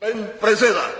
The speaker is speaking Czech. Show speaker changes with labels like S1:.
S1: Pan prezident.